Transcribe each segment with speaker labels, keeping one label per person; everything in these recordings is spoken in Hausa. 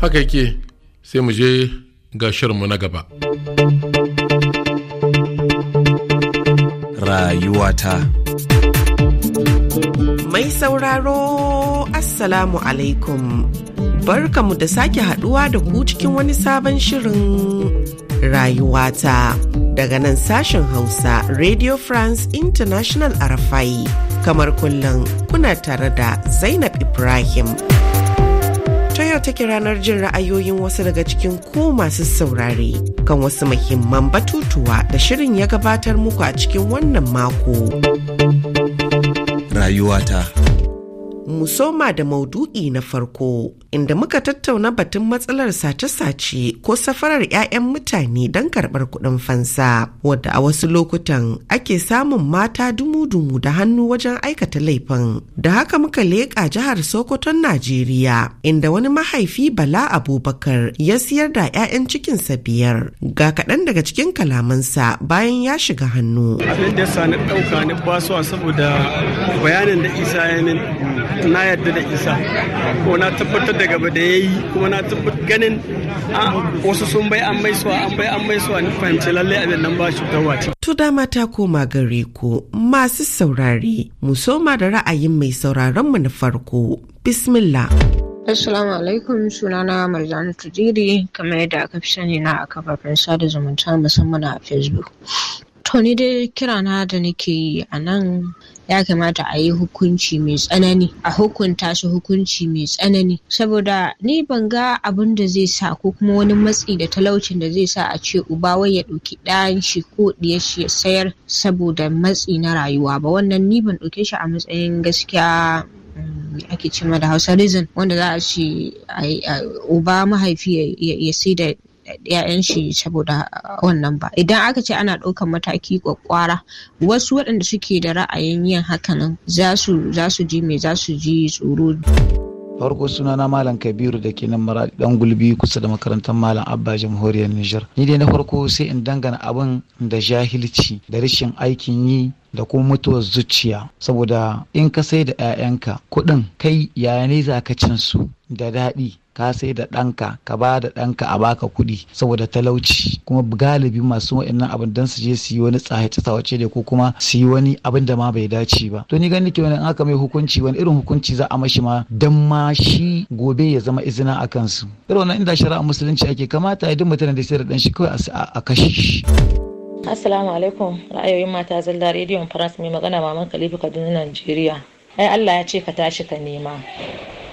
Speaker 1: haka yake sai mu je ga shirinmu
Speaker 2: na gaba rayuwata mai sauraro assalamu alaikum barkamu da sake haduwa da ku cikin wani sabon shirin rayuwata daga nan sashen hausa radio france international arafai kamar kullum kuna tare da zainab ibrahim ta yau take ranar jin ra'ayoyin wasu daga cikin ku masu saurare kan wasu muhimman batutuwa da shirin ya gabatar muku a cikin wannan mako. Rayuwata. Musoma da maudu'i na farko inda muka tattauna batun matsalar sace-sace ko safarar 'ya'yan mutane don karɓar kuɗin fansa wadda a wasu lokutan ake samun mata dumu-dumu da hannu wajen aikata laifin da haka muka leƙa jihar sokoton najeriya inda wani mahaifi bala abubakar ya siyar da 'ya'yan cikinsa biyar ga kaɗan daga cikin kalamansa bayan ya shiga hannu abin da sani
Speaker 1: ɗauka ni basuwa saboda bayanin da isa ya min na yadda da isa ko na tabbatar da gaba da ya yi kuma na tabbat ganin wasu sun bai an mai suwa an bai an mai suwa ni fahimci lalle abin nan ba shi
Speaker 2: To dama ta koma gare ku masu saurare mu soma da ra'ayin mai sauraron mu na farko bismillah. Assalamu alaikum sunana Marzana tujiri kamar yadda aka fi sani na a kafafen sada zumunta musamman a Facebook. To ni dai kirana da nake yi a nan ya kamata a yi hukunci mai tsanani a hukunta su hukunci mai tsanani saboda ni ban ga abin da zai sa ko kuma wani matsi da talaucin da zai sa a ce uba wai ya ɗauki ɗayan shi ko ɗiya shi ya sayar saboda matsi na rayuwa ba wannan ni ban ɗauke shi a matsayin gaskiya mm, ake ce da hausa reason wanda za a ce uba mahaifi ya sai da 'ya'yan shi saboda uh, wannan ba idan aka ce ana ɗaukan mataki kwakwara wasu waɗanda suke da ra'ayin yin hakanan za su ji mai za su ji tsoro farko suna na malam kabiru da ke nan maradi dan gulbi kusa da makarantar malam abba jamhuriyar niger ni dai na farko sai in dangana abin da jahilci da rashin aikin yi da kuma mutuwar zuciya saboda in ka sai da 'ya'yanka kuɗin kai yaya ne za ka cin su da daɗi ka sai da ɗanka ka ba da ɗanka a baka kuɗi saboda talauci kuma galibi masu wa'annan abin dan su je su yi wani tsaye tsawace ne ko kuma su yi wani abin da ma bai dace ba to ni ganin ke wani aka mai hukunci wani irin hukunci za a mashi ma dan ma shi gobe ya zama izina a kansu irin wannan inda shari'a musulunci ake kamata ya duk tana da sai da dan shi kawai a kashe shi. Assalamu alaikum ra'ayoyin mata zalla rediyon France mai magana maman Khalifa Kaduna Najeriya. Ai Allah ya ce ka tashi ka nema.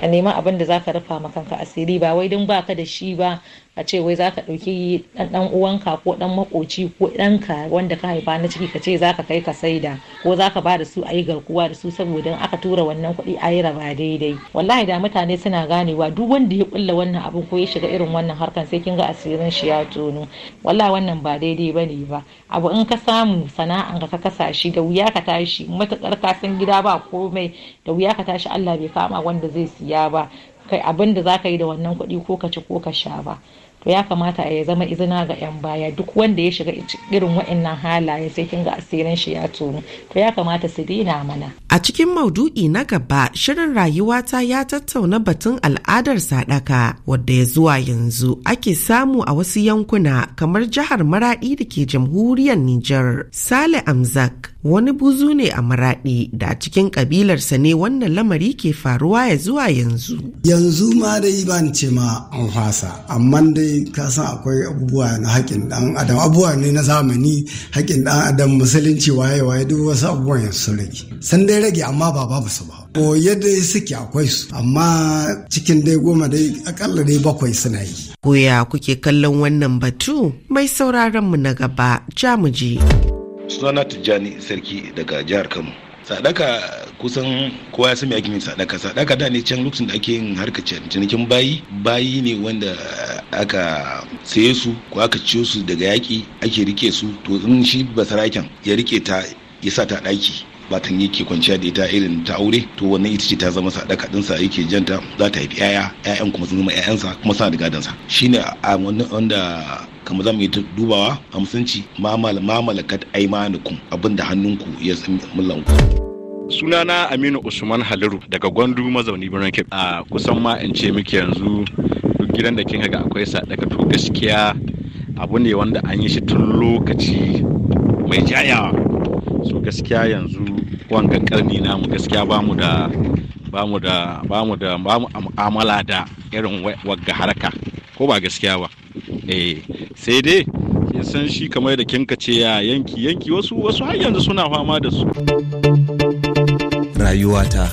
Speaker 2: ka neman abin da ka rufa ma kanka asiri ba wai don baka da shi ba a ce wai zaka ɗauki ɗan uwanka ko ɗan makoci ko ɗanka wanda ka haifa na ciki ka ce zaka kai ka saida ko zaka ba da su a yi garkuwa da su saboda aka tura wannan kuɗi a yi raba daidai wallahi da mutane suna ganewa duk wanda ya kulla wannan abin ko ya shiga irin wannan harkan sai kin ga asirin shi ya tono wallahi wannan ba daidai bane ba abu in ka samu sana'an ka kasa shi da wuya ka tashi matukar ka san gida ba komai da wuya ka tashi Allah bai kama wanda zai siya ba kai abin da za ka yi da wannan kuɗi ko ka ci ko ka sha ba to ya kamata a ya zama izina ga 'yan baya duk wanda ya shiga irin waɗannan halaye sai kin ga asirin shi ya tunu to ya kamata su dina mana a cikin maudu'i na gaba shirin rayuwata ya tattauna batun al'adar sadaka wadda ya zuwa yanzu ake samu a wasu yankuna kamar jihar maradi da ke jamhuriyar Nijar Sale Amzak wani buzu ne a maraɗi da cikin kabilarsa ne wannan lamari ke faruwa ya zuwa yanzu.
Speaker 1: Yanzu ma dai ban ce ma an fasa, amma dai ka san akwai abubuwa na haƙƙin ɗan adam abubuwa ne na zamani haƙƙin ɗan adam musulunci waye waye duk wasu abubuwan yanzu sun rage san dai rage amma ba babu su ba ko yadda suke akwai su amma
Speaker 2: cikin dai goma dai
Speaker 1: akalla dai bakwai
Speaker 2: suna yi. Koya kuke kallon wannan batu mai sauraron mu na gaba jamuji. Sunana Tijjani
Speaker 1: Sarki daga jihar Kano. sadaka kusan kowa ya sami ake sadaka sadaka da ne can lokacin da ake yin harkar cinikin bayi bayi ne wanda aka saye su ko aka ciyo su daga yaki ake rike su to in shi basaraken ya rike ta ya sa ta ɗaki Matan yake kwanciya da ita irin ta aure to wannan ita ce ta zama sadaka dinsa yake janta za ta haifi yaya yayan kuma sun zama yayansa kuma suna da gadansa shine a wannan wanda kamar za yi dubawa a musunci mamal mamalakat aimanukum abinda hannunku ya zama mullanku sunana aminu usman haliru daga gwandu mazauni birnin kebbi a kusan ma in ce miki yanzu duk gidan da kin ga akwai sadaka to gaskiya abu ne wanda an yi shi tun lokaci mai jayawa so gaskiya yanzu wanga karni namu gaskiya mu da mu da mu da mu amala da irin wagga haraka ko ba gaskiya ba eh sai dai kin san shi kamar da kinka ce ya yanki yanki wasu wasu har yanzu suna fama da su
Speaker 2: rayuwata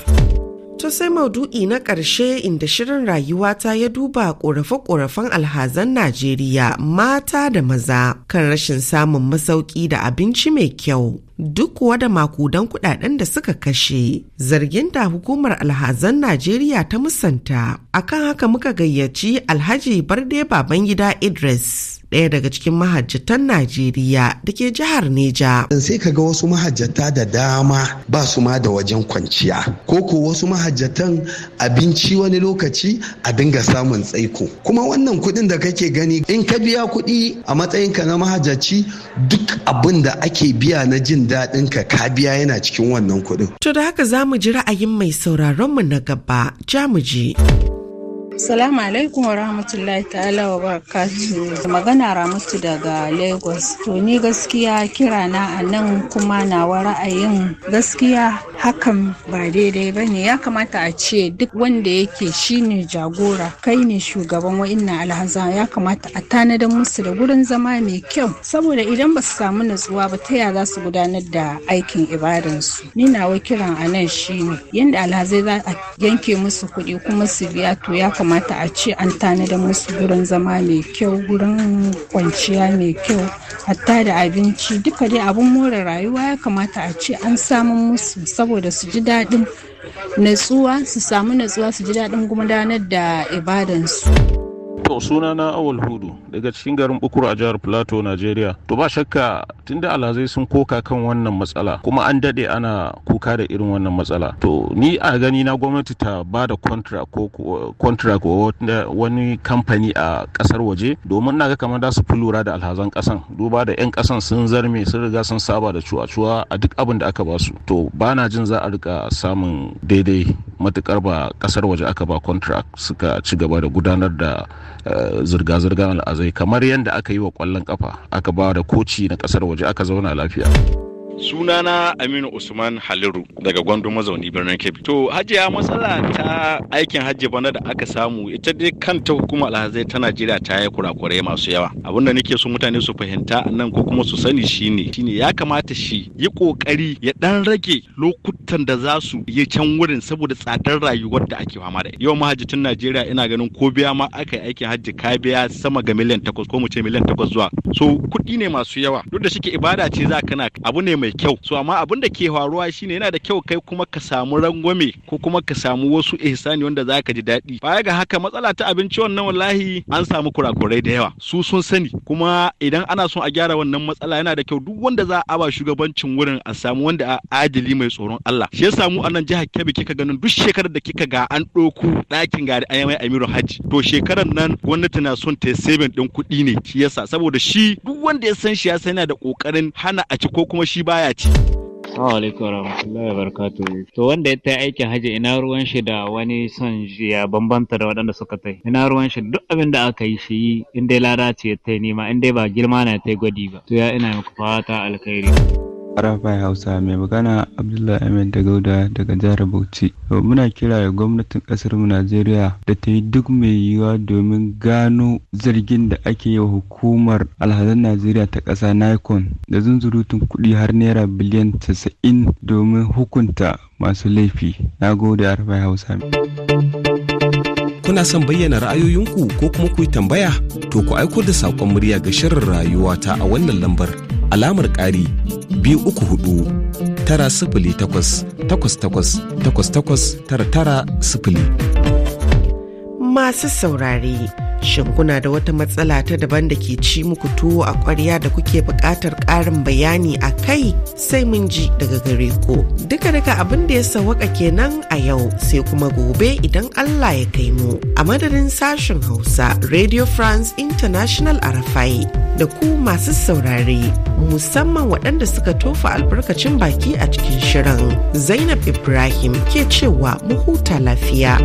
Speaker 2: To sai maudu'i na ƙarshe inda shirin rayuwata ya duba ƙorafe-ƙorafen alhazan Najeriya mata da maza kan rashin samun masauki da abinci mai kyau. duk kuwa da makudan kudaden da suka kashe zargin da hukumar alhazan Najeriya ta musanta akan haka muka gayyaci Alhaji Barde Babangida Idris Daya daga cikin mahajjatan Najeriya da ke jihar Neja. Sai ka ga wasu mahajjata da dama ba su ma da wajen kwanciya. Ko ko wasu mahajjatan abinci wani
Speaker 1: lokaci a dinga samun tsaiko. Kuma wannan kuɗin da kake gani in ka biya kuɗi a matsayinka na mahajjaci duk abin da ake biya na jin daɗin ka ka biya yana
Speaker 2: cikin wannan kuɗin. To da haka za mu ji ra'ayin mai sauraron mu na gaba, ja mu je. Salamu alaikum wa rahmatullahi ta'ala wa barakatu. Magana Ramatu daga Lagos. To ni gaskiya kira na a nan kuma nawa ra'ayin gaskiya hakan ba daidai ba ne ya kamata a ce duk wanda yake shine jagora kai ne shugaban wa'innan alhaza ya kamata a tanadar musu da gurin zama mai kyau saboda idan ba su samu natsuwa ba ta yaya za su gudanar da aikin ibadansu ni na wa kiran a nan shine yanda alhazai za a yanke musu kuɗi kuma su biya to ya kamata a ce an tanadar musu gurin zama mai kyau gurin kwanciya mai kyau hatta da abinci duka dai abun more rayuwa ya kamata a ce an samu musu saboda saboda su ji daɗin natsuwa su samu natsuwa su ji daɗin gudanar da ibadansu.
Speaker 1: To sunana Awal Hudu daga cikin garin Bukuru a jihar Plateau, Najeriya. To ba shakka tunda alhazai sun koka kan wannan matsala kuma an dade ana kuka da irin wannan matsala. To ni a gani na gwamnati ta ba da contract ko contract wani kamfani a kasar waje domin na ga kamar da su fi lura da alhazan kasan duba da yan kasan sun zarme sun riga sun saba da cuwa-cuwa a duk abin da aka ba su. To ba na jin za a rika samun daidai matukar ba kasar waje aka ba contract suka ci gaba da gudanar da zirga-zirgar al'azai kamar yadda aka yi wa kwallon kafa aka ba da koci na kasar waje aka zauna lafiya. sunana aminu usman haliru daga gwandu mazauni birnin kebbi to hajiya matsala ta aikin hajji bana da aka samu ita dai kanta hukuma alhazai ta najeriya ta yi kurakurai masu yawa abin da nake so mutane su fahimta nan ko kuma su sani shine shine ya kamata shi yi kokari ya dan rage lokutan da za su yi can wurin saboda tsadar rayuwar da ake fama da yau mahajjatun najeriya ina ganin ko biya ma aka yi aikin hajji ka biya sama ga miliyan takwas ko mu ce miliyan takwas zuwa so kuɗi ne masu yawa duk da shike ibada ce za ka na abu ne mai mai kyau so amma abin da ke faruwa shine yana da kyau kai kuma ka samu rangwame ko kuma ka samu wasu ihsani wanda za ka ji daɗi baya ga haka matsala ta abinci wannan wallahi an samu kurakurai da yawa su sun sani kuma idan ana son a gyara wannan matsala yana da kyau duk wanda za a ba shugabancin wurin a samu wanda a adili mai tsoron Allah shi ya samu a nan jihar Kebbi kika ganin duk shekarar da kika ga an ɗoku ɗakin gari an mai Amiru Hajji to shekarar nan gwamnati na son ta saving ɗin kuɗi ne shi yasa saboda shi duk wanda ya san shi ya san yana da ƙoƙarin hana a ci ko kuma shi ba baya ci. Assalamu alaikum warahmatullahi wabarakatuh. To wanda ya tayi aikin hajji ina ruwan shi da wani son ya bambanta da waɗanda suka tai. Ina ruwan shi duk abin da aka yi shi yi in dai lada ce ya tai nima in dai ba girma na tai gwadi ba. To ya ina muku fata alkhairi. Arafai Hausa mai magana Abdullahi Ahmed da Gauda daga jihar Bauchi. Muna kira da gwamnatin kasar mu Najeriya da ta yi duk mai yiwuwa domin gano zargin da ake yi wa hukumar alhazan Najeriya ta ƙasa Nikon da zunzurutun kuɗi har naira biliyan 90 domin hukunta masu laifi. Na gode Arafai Hausa. kuna son bayyana ra'ayoyinku ko kuma ku yi tambaya to ku aiko da saƙon murya ga shirin rayuwa ta a wannan lambar alamar ƙari biyu uku hudu tara sifili takwas takwas takwas takwas takwas tara tara sifili.
Speaker 2: Masu saurari. Shin kuna da wata matsala ta daban da ke ci muku tuwo a ƙwarya da kuke buƙatar ƙarin bayani a kai sai mun ji daga gare ku. Duka daga abin da ya sawaka kenan a yau sai kuma gobe idan Allah ya kai mu. A madadin sashen Hausa Radio France International Arafai da ku masu saurare musamman waɗanda suka tofa albarkacin baki a cikin shirin. Zainab Ibrahim ke cewa mu huta lafiya.